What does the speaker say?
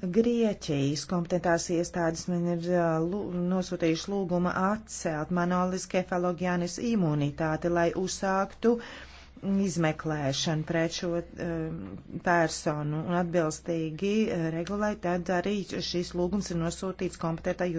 Grieķijas kompetentās iestādes man ir uh, nosūtījuši lūguma atcelt Manolis Kefalogianis imunitāti, lai uzsāktu izmeklēšanu pret šo uh, personu un atbilstīgi uh, regulēt, tad arī šis lūgums ir nosūtīts kompetentai